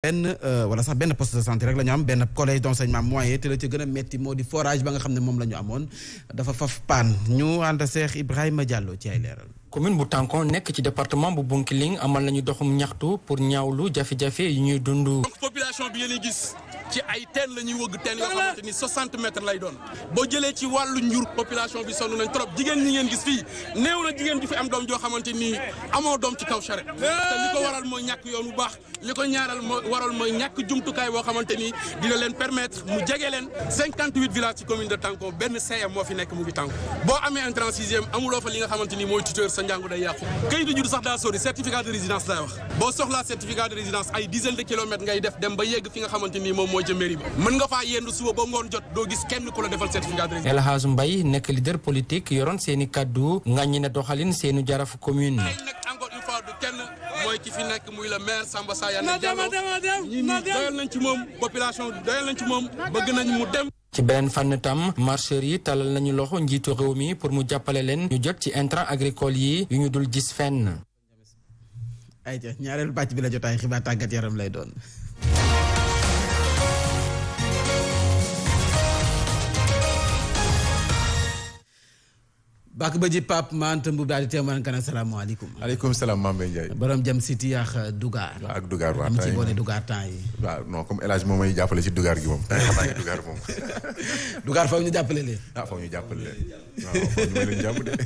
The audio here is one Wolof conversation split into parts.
benn euh, wala sax benn poste de santé rek la ñu am benn collège d'enseignement moyen te la ci gën a metti moo di forage ba nga xam ne moom la ñu amoon dafa faf paan ñu ànd Cheikh Ibrahima Diallo ci ay leeral commune bu Tànkon nekk ci département bu Bounkiling amal nañu doxum ñaxtu pour ñaawlu jafe-jafe yu ñuy dund population bi yéen gis ci ay teen la ñuy wëgg teen yoo xamante ni lay doon boo jëlee ci wàllu njur population bi sonn nañ trop jigéen ñi ngeen gis fii néew na jigéen ju fi am doom joo xamante ni amoo doom ci kaw charette te li ko waral mooy ñàkk yoon bu baax li ko ñaaral moo waral mooy ñàkk jumtukaay boo xamante ni dina leen permettre mu jege leen 58 villages ci commune de Tanko benn CM moo fi nekk mu ngi Tanko boo amee entrée en amuloo fa li nga xamante mooy tuteur sa njàngu day def dem ba yegg mooy ca mën nga faa yendu suba ba ngoon jot doo gis kenn ku la defal certificat de résidence El Hadj Mbaye nekk leader politique yoroon seeni kàddu kaddu ŋàññi na doxalin seenu jarafu commune mooy doyal nañ ci moom population doyal nañ ci moom bëgg nañ mu dem ci beneen fànn tam marcheurs yi talal nañu loxo njiitu réew mi pour mu jàppale leen ñu jot ci intrant agricole yi yu ñu dul gis fenn ay ñaareel bàcc bi la jotaay xibaar tàggat yaram lay doon bak ba ji Pape Mante Mboub daal di teewoon kan asalaamaaleykum. maaleykum salaam Mame Mbaye Ndiaye. borom jëm si Tiyaax Dugar. ak dugaar waaw temps yi mu yi. waaw non comme moom may jàppale si Dugar gi moom. temps yi xam moom. Dugar foofu ñu jàppale leen. ah foofu ñu jàppale leen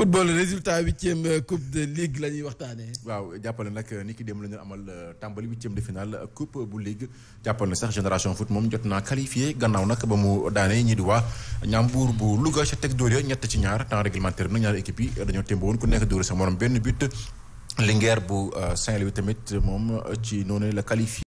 football résultat huitième euh, coupe de ligue la ñuy waxtaanee. waaw jàppale nag euh, ni ki démb la ñu amal euh, tàmbali huitième de finale coupe bu ligue jàppal na sax génération foot moom jot naa qualifié gannaaw nag ba mu daanee ñii di waa Ndiambour bu Louga ca teg dóor ya ñett ci ñaar temps réglementaire bi nag ñaari équipe yi dañoo témbo woon ku nekk dóor sa morom benn but Linguère bu euh, Saint-Louis tamit moom ci noonu la qualifié